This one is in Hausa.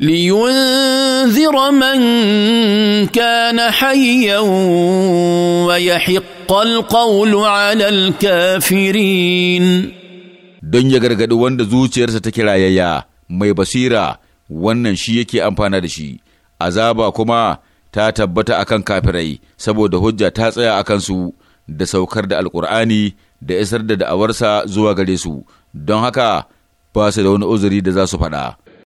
لينذر من كان حيا ويحق القول على الكافرين don ya gargaɗi wanda zuciyarsa ta rayayya mai basira wannan shi yake amfana da shi azaba kuma ta tabbata akan kafirai saboda hujja ta tsaya akan su da saukar da alkur'ani da isar da da'awarsa zuwa gare su don haka ba su da wani uzuri da za su faɗa